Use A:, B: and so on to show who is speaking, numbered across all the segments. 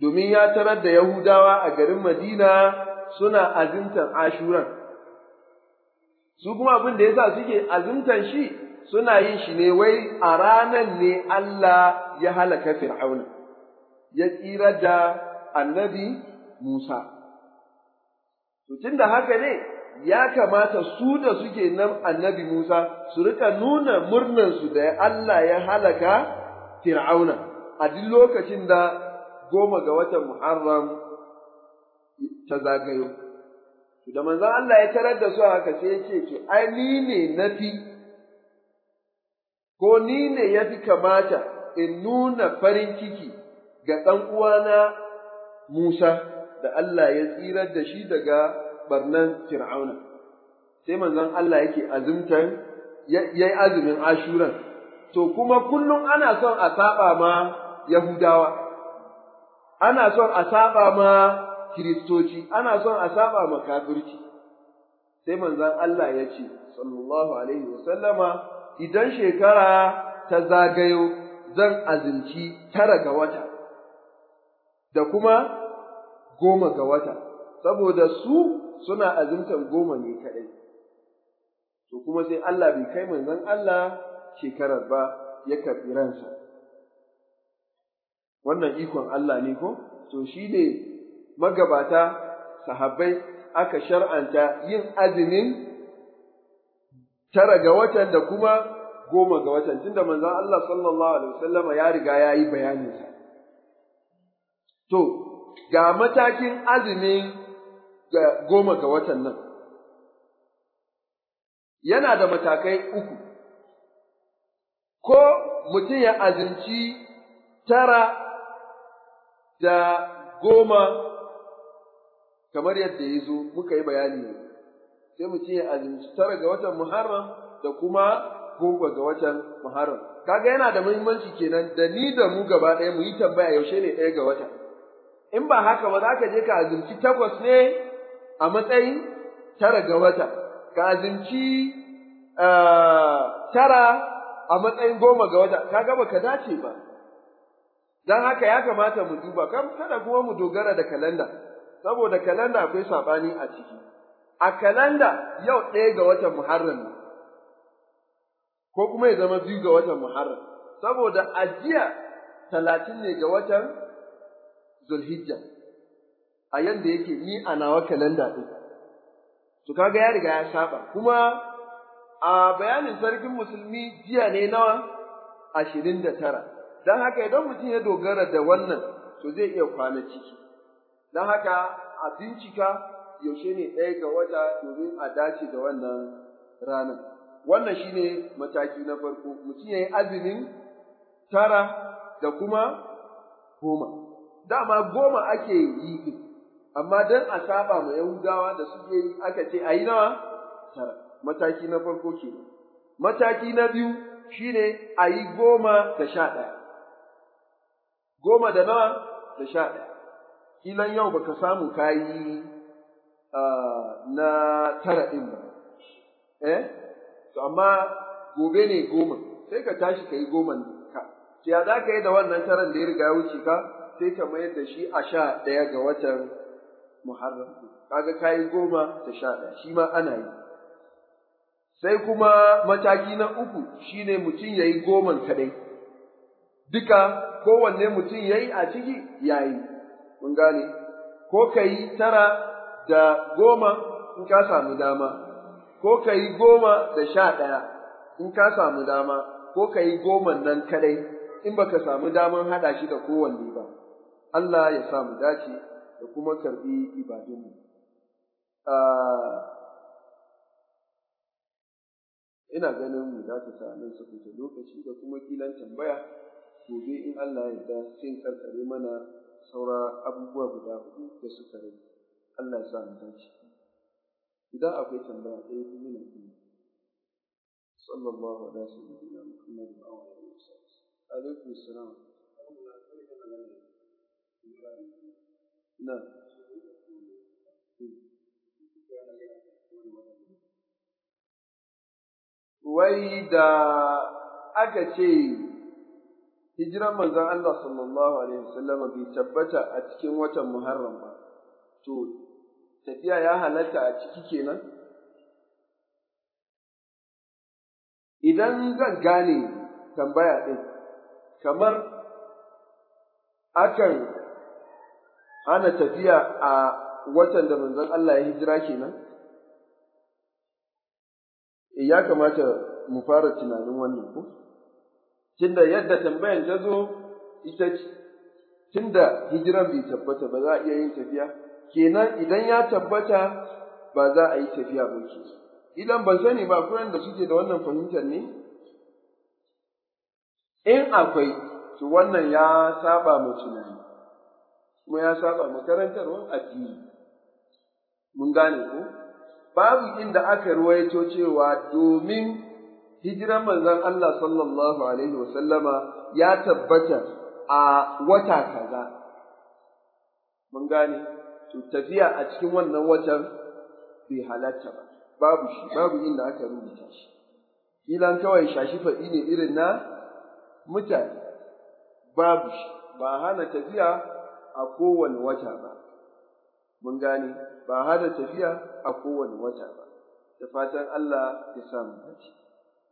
A: domin ya tarar da Yahudawa a garin Madina suna azimtar ashuran. Su kuma abin da ya sa suke azimtan shi suna yin shi ne wai a ranar ne Allah ya halaka Fir'auna, ya tsira da annabi Musa. Tun da haka ne ya kamata su da suke nan annabi Musa su rika nuna murnansu da Allah ya halaka Fir'auna a duk lokacin da goma ga watan Muharram ta zagayo. Da manzon Allah ya tarar da su haka sai ya ce, To, ai, ni ne na fi, ko ni ne ya fi kamata in nuna farin ciki ga ɗan uwana Musa da Allah ya tsirar da shi daga barnan Fir'auna. Sai manzon Allah yake azumtan, ya yi azumin ashuran, to kuma kullum ana son a saba ma Yahudawa. ana son a saba ma kiristoci, ana son a saba ma kafirci. Sai manzan Allah ya ce, sallallahu Alaihi wasallama, idan shekara ta zagayo zan azinci tara ga wata, da kuma goma ga wata, saboda su suna azimtar goma ne kaɗai. To kuma sai Allah bai kai manzan Allah shekarar ba ya karɓi ransa. wannan ikon Allah ne ko to shi ne magabata sahabbai aka shar'anta yin azumin tara ga watan da kuma goma ga watan tunda manzon Allah sallallahu alaihi wasallama ya riga ya yi bayaninsa to ga matakin azumin goma ga watan nan yana da matakai uku ko mutum ya azumci tara da goma kamar yadda ya zo muka yi bayani sai mu ce azumci tara ga watan Muharram da kuma goma ga watan Muharram kaga yana da muhimmanci kenan da ni da mu gaba ɗaya mu yi tambaya yaushe ne ɗaya ga wata in ba haka ba za ka je ka azumci takwas ne a matsayin tara ga wata ka azumci eh, tara a matsayin goma ga wata kaga ba ka dace ba Don haka ya kamata mu duba, kan kada kuma mu dogara da kalanda, saboda kalanda akwai saɓani a ciki. A kalanda yau ɗaya ga watan Muharram ne, ko kuma ya zama biyu ga watan Muharram, saboda ajiya talatin ne ga watan Zulhijja, a yadda yake ni a nawa kalanda ɗin. To kaga ya riga ya saba, kuma a bayanin sarkin musulmi jiya ne nawa ashirin da tara. don haka idan mutum ya dogara da wannan to zai iya kwana ciki don haka a bincika yaushe ne ɗaya ga wata domin a dace da wannan ranar wannan shine mataki na farko mutum ya yi azumin tara da kuma goma dama goma ake yi din amma don a saba ma yahudawa da suke yi aka ce a yi nawa tara mataki na farko kenan mataki na biyu shine a yi goma da sha ɗaya goma da nawa da sha ɗaya. Kilan yau baka samu kayi na tara ɗin ba, eh? To amma gobe ne goma, sai ka tashi ka yi goman ka. Ya za ka yi da wannan taran da ya riga ya wuce ka, sai ka mayar da shi a sha ɗaya ga watan Muharram. Kaga ka yi goma da sha ɗaya, shi ma ana yi. Sai kuma mataki na uku shine mutum ya yi goman kaɗai. Duka kowanne mutum ya yi a ciki ya yi, kun gane, ko ka yi tara da goma in ka samu dama, ko ka yi goma da sha ɗaya in ka samu dama, ko ka yi goman nan kadai in baka samu daman haɗa shi da kowanne ba. Allah ya mu dace da kuma karɓi ibadunmu. Ah, ina ganin mu dace ta sa nan su lokaci da kuma kilan tambaya gobe in Allah ya yarda sai karkare mana saura abubuwa guda hudu da suka rage Allah ya sa mu dace idan akwai tambaya ɗaya eh, ku nuna kuma sallallahu alaihi wa sallam Muhammad wa alihi wa sallam alaikum salam na wai da aka ce hijiran manzan Allah sallallahu alaihi wasallam bai tabbata a cikin watan Muharram ba to tafiya ya halatta a ciki kenan idan zan gane tambaya ɗin kamar akan hana tafiya a watan da manzan Allah ya hijira kenan eh, ya kamata mu fara tunanin wannan ko tunda yadda tambayan ta zo ita ce tunda hijiran bai tabbata ba za a iya yin tafiya kenan idan ya tabbata ba za a yi tafiya ba ke idan ban sani ba akwai da suke da wannan fahimtar ne in akwai to wannan ya saba mu tunani kuma ya saba makarantarwar addini mun gane ko babu inda aka ruwaito cewa domin hijiran manzon Allah sallallahu alaihi wa sallama ya tabbata a wata kaza mun gane to tafiya a cikin wannan watan bai halatta ba babu shi babu inda aka rubuta shi kilan kawai shashi faɗi ne irin na mutane babu shi ba hana tafiya a kowane wata ba mun gane ba hana tafiya a kowane wata ba da fatan Allah ya samu dace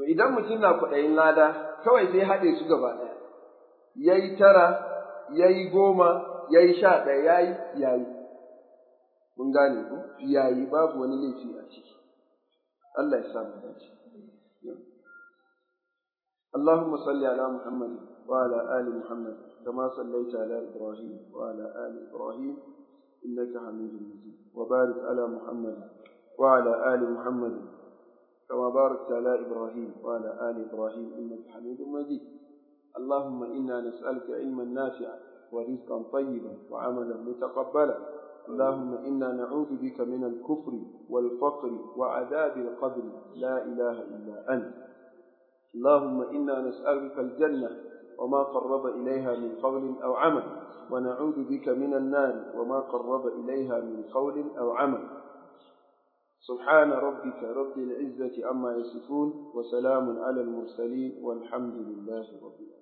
A: To idan mutum na kudayin lada, kawai sai haɗe su gaba ɗaya, ya yi tara, ya yi goma, ya yi sha ɗaya, ya yi, ya yi. Mun gane ku, ya yi babu wani laifi a ciki. Allah ya mu dace. Allahumma salli ala Muhammad wa ala ali Muhammad kama sallaita ala Ibrahim wa ala ali Ibrahim innaka Hamidum Majid wa barik ala Muhammad wa ala ali Muhammad كما باركت على إبراهيم وعلى آل إبراهيم إنك حميد مجيد اللهم إنا نسألك علما نافعا ورزقا طيبا وعملا متقبلا اللهم إنا نعوذ بك من الكفر والفقر وعذاب القبر لا إله إلا أنت اللهم إنا نسألك الجنة وما قرب إليها من قول أو عمل ونعوذ بك من النار وما قرب إليها من قول أو عمل سبحان ربك رب العزة عما يصفون وسلام على المرسلين والحمد لله رب العالمين